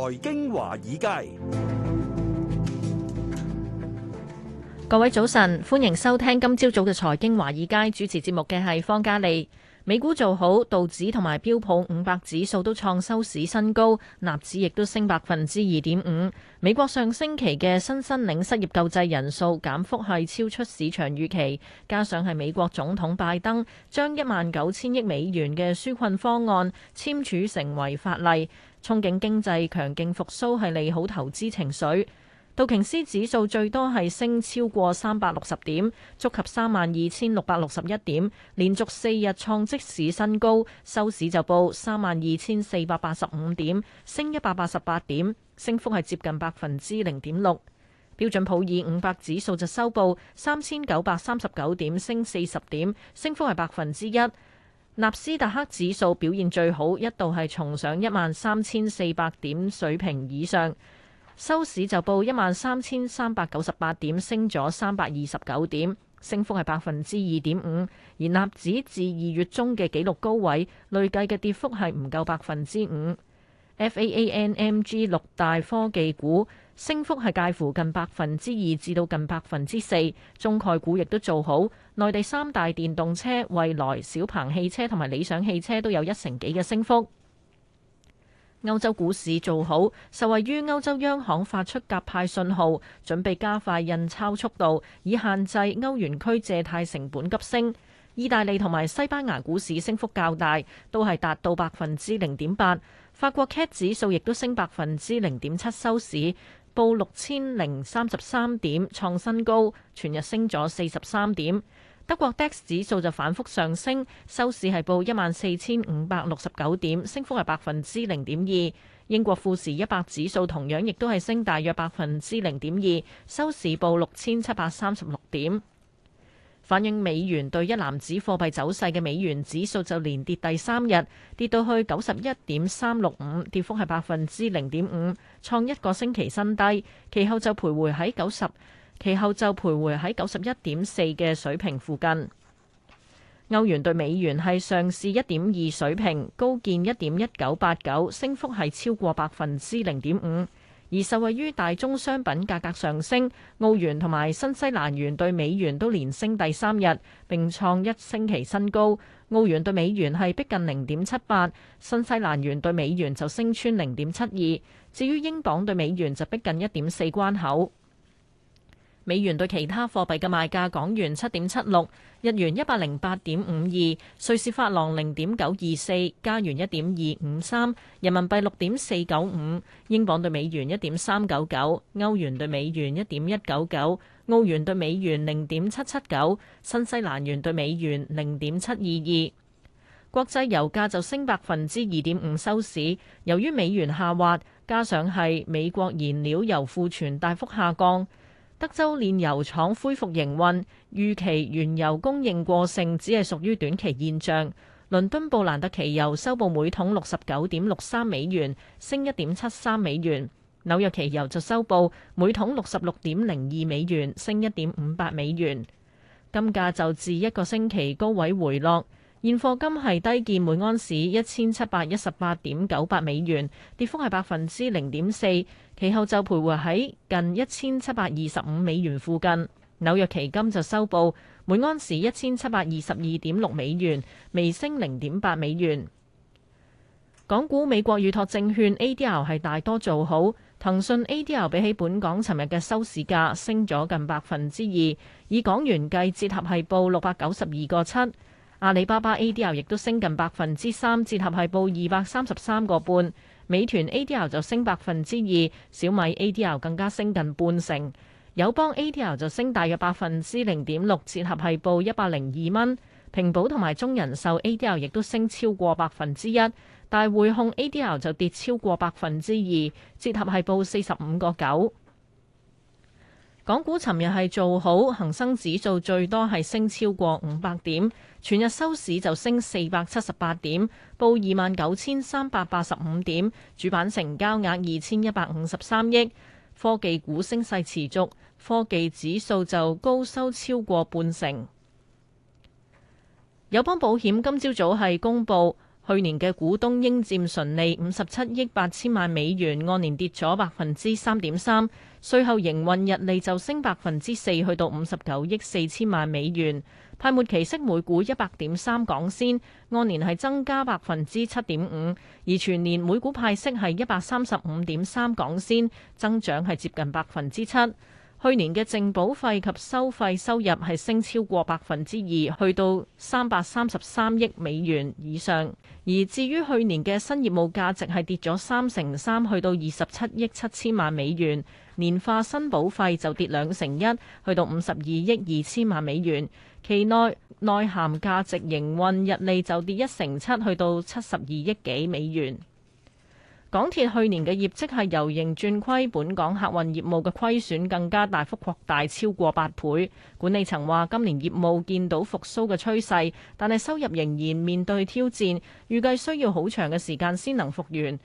財經華爾街，各位早晨，歡迎收聽今朝早嘅財經華爾街，主持節目嘅係方嘉利，美股做好，道指同埋標普五百指數都創收市新高，納指亦都升百分之二點五。美國上星期嘅新申領失業救濟人數減幅係超出市場預期，加上係美國總統拜登將一萬九千億美元嘅紓困方案簽署成為法例。憧憬經濟強勁復甦係利好投資情緒，道瓊斯指數最多係升超過三百六十點，觸及三萬二千六百六十一點，連續四日創即市新高，收市就報三萬二千四百八十五點，升一百八十八點，升幅係接近百分之零點六。標準普爾五百指數就收報三千九百三十九點，升四十點，升幅係百分之一。納斯達克指數表現最好，一度係重上一萬三千四百點水平以上，收市就報一萬三千三百九十八點，升咗三百二十九點，升幅係百分之二點五。而納指至二月中嘅紀錄高位，累計嘅跌幅係唔夠百分之五。FAANMG 六大科技股升幅係介乎近百分之二至到近百分之四，中概股亦都做好。內地三大電動車蔚來、小鵬汽車同埋理想汽車都有一成幾嘅升幅。歐洲股市做好，受惠於歐洲央行發出鴿派信號，準備加快印鈔速度，以限制歐元區借貸成本急升。意大利同埋西班牙股市升幅較大，都係達到百分之零點八。法國 CAC 指數亦都升百分之零點七，收市報六千零三十三點，創新高，全日升咗四十三點。德國 Dax 指數就反覆上升，收市係報一萬四千五百六十九點，升幅係百分之零點二。英國富時一百指數同樣亦都係升大約百分之零點二，收市報六千七百三十六點。反映美元對一籃子貨幣走勢嘅美元指數就連跌第三日，跌到去九十一點三六五，跌幅係百分之零點五，創一個星期新低。其後就徘徊喺九十，其後就徘徊喺九十一點四嘅水平附近。歐元對美元係上試一點二水平，高見一點一九八九，升幅係超過百分之零點五。而受惠於大宗商品價格上升，澳元同埋新西蘭元對美元都連升第三日，並創一星期新高。澳元對美元係逼近零點七八，新西蘭元對美元就升穿零點七二。至於英鎊對美元，就逼近一點四關口。美元對其他貨幣嘅賣價：港元七點七六，日元一百零八點五二，瑞士法郎零點九二四，加元一點二五三，人民幣六點四九五，英鎊對美元一點三九九，歐元對美元一點一九九，澳元對美元零點七七九，新西蘭元對美元零點七二二。國際油價就升百分之二點五收市，由於美元下滑，加上係美國燃料油庫存大幅下降。德州煉油廠恢復營運，預期原油供應過剩只係屬於短期現象。倫敦布蘭特期油收報每桶六十九點六三美元，升一點七三美元；紐約期油就收報每桶六十六點零二美元，升一點五八美元。金價就自一個星期高位回落。現貨金係低見每安士一千七百一十八點九八美元，跌幅係百分之零點四。其後就徘徊喺近一千七百二十五美元附近。紐約期金就收報每安士一千七百二十二點六美元，微升零點八美元。港股美國預託證券 ADR 係大多做好，騰訊 ADR 比起本港尋日嘅收市價升咗近百分之二，以港元計，折合係報六百九十二個七。阿里巴巴 A.D.R. 亦都升近百分之三，折合係報二百三十三個半。美團 A.D.R. 就升百分之二，小米 A.D.R. 更加升近半成。友邦 A.D.R. 就升大約百分之零點六，折合係報一百零二蚊。平保同埋中人壽 A.D.R. 亦都升超過百分之一，但係匯控 A.D.R. 就跌超過百分之二，折合係報四十五個九。港股尋日係做好，恒生指數最多係升超過五百點，全日收市就升四百七十八點，報二萬九千三百八十五點，主板成交額二千一百五十三億。科技股升勢持續，科技指數就高收超過半成。友邦保險今朝早係公布。去年嘅股東應占純利五十七億八千萬美元，按年跌咗百分之三點三。稅後營運溢利就升百分之四，去到五十九億四千萬美元。派末期息每股一百點三港仙，按年係增加百分之七點五。而全年每股派息係一百三十五點三港仙，增長係接近百分之七。去年嘅淨保費及收費收入係升超過百分之二，去到三百三十三億美元以上。而至於去年嘅新業務價值係跌咗三成三，去到二十七億七千萬美元。年化新保費就跌兩成一，去到五十二億二千萬美元。其內內含價值營運日利就跌一成七，去到七十二億幾美元。港鐵去年嘅業績係由盈轉虧，本港客運業務嘅虧損更加大幅擴大，超過八倍。管理層話今年業務見到復甦嘅趨勢，但係收入仍然面對挑戰，預計需要好長嘅時間先能復原。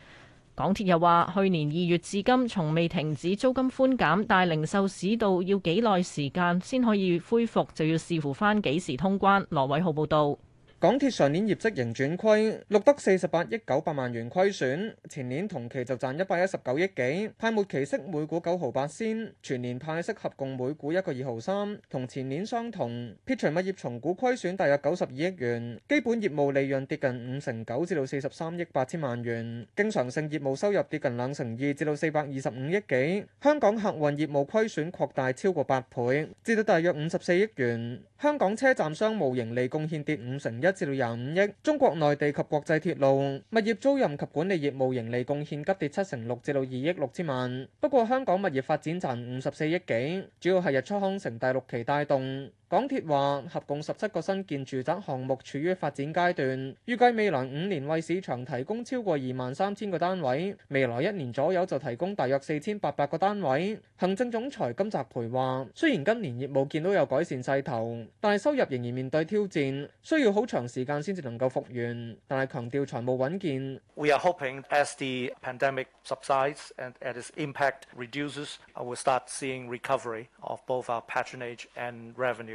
港鐵又話去年二月至今從未停止租金寬減，但係零售市道要幾耐時間先可以恢復，就要視乎翻幾時通關。羅偉浩報導。港鐵上年業績盈轉虧，錄得四十八億九百萬元虧損，前年同期就賺一百一十九億幾。派末期息每股九毫八仙，全年派息合共每股一個二毫三，同前年相同。撇除物業重估虧損大約九十二億元，基本業務利潤跌近五成九，至到四十三億八千萬元。經常性業務收入跌近兩成二，至到四百二十五億幾。香港客運業務虧損擴大超過八倍，至到大約五十四億元。香港車站商務盈利貢獻跌五成。一至到廿五億，中國內地及國際鐵路物業租賃及管理業務盈利貢獻急跌七成六，至到二億六千萬。不過香港物業發展賺五十四億幾，主要係日出康城第六期帶動。港鐵話合共十七個新建住宅項目處於發展階段，預計未來五年為市場提供超過二萬三千個單位，未來一年左右就提供大約四千八百個單位。行政總裁金澤培話：雖然今年業務見到有改善勢頭，但係收入仍然面對挑戰，需要好長時間先至能夠復原。但係強調財務穩健。We are hoping as the pandemic subsides and as its impact reduces, we start seeing recovery of both our patronage and revenue.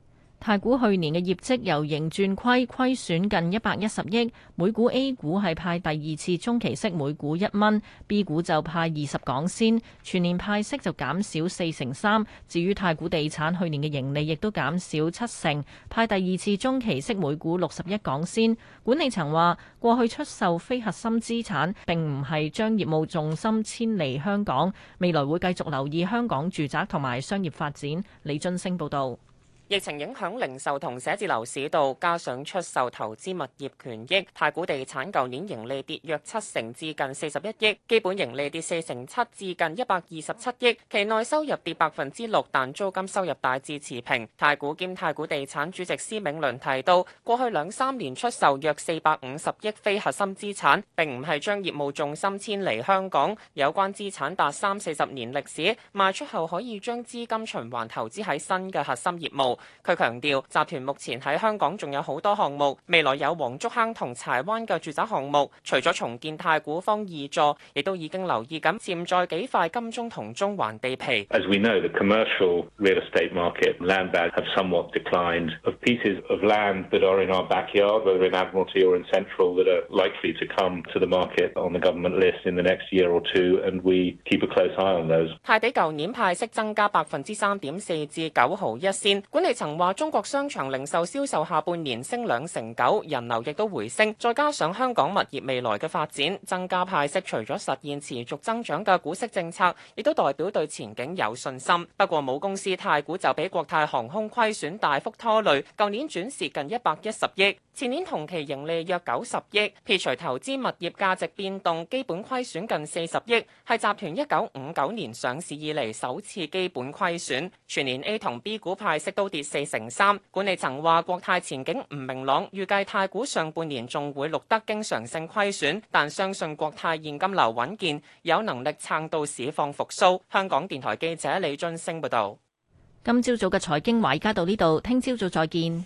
太古去年嘅業績由盈轉虧，虧損近一百一十億，每股 A 股係派第二次中期息每股一蚊，B 股就派二十港仙，全年派息就減少四成三。至於太古地產去年嘅盈利亦都減少七成，派第二次中期息每股六十一港仙。管理層話過去出售非核心資產並唔係將業務重心遷離香港，未來會繼續留意香港住宅同埋商業發展。李津升報導。疫情影響零售同寫字樓市道，加上出售投資物業權益，太古地產舊年盈利跌約七成，至近四十一億，基本盈利跌四成七，至近一百二十七億。期內收入跌百分之六，但租金收入大致持平。太古兼太古地產主席施銘倫提到，過去兩三年出售約四百五十億非核心資產，並唔係將業務重心遷離香港。有關資產達三四十年歷史，賣出後可以將資金循環投資喺新嘅核心業務。佢強調集團目前喺香港仲有好多項目，未來有黃竹坑同柴灣嘅住宅項目。除咗重建太古坊二座，亦都已經留意緊潛在幾塊金鐘同中環地皮。太地舊年派息增加百分之三點四至九毫一仙。曾話中國商場零售銷售下半年升兩成九，人流亦都回升。再加上香港物業未來嘅發展，增加派息，除咗實現持續增長嘅股息政策，亦都代表對前景有信心。不過母公司太古就比國泰航空虧損大幅拖累，舊年轉蝕近一百一十億，前年同期盈利約九十億，撇除投資物業價值變動，基本虧損近四十億，係集團一九五九年上市以嚟首次基本虧損。全年 A 同 B 股派息都跌。四成三，管理層話國泰前景唔明朗，預計太古上半年仲會錄得經常性虧損，但相信國泰現金流穩健，有能力撐到市況復蘇。香港電台記者李津升報道。今朝早嘅財經華爾街到呢度，聽朝早再見。